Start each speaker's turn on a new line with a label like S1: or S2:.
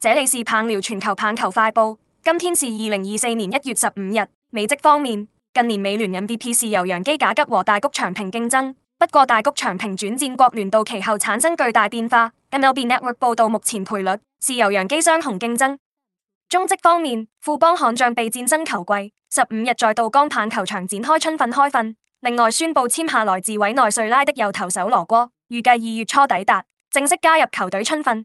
S1: 這裏是棒聊全球棒球快報，今天是二零二四年一月十五日。美職方面，近年美聯 MVP 是由洋基、賈吉和大谷翔平競爭，不過大谷翔平轉戰國聯道奇後產生巨大變化，MLB Network 報道目前賠率是由洋基雙雄競爭。中職方面，富邦悍將備戰新球季，十五日在度江棒球場展開春訓開訓，另外宣布簽下來自委內瑞拉的右投手羅哥，預計二月初抵達，正式加入球隊春訓。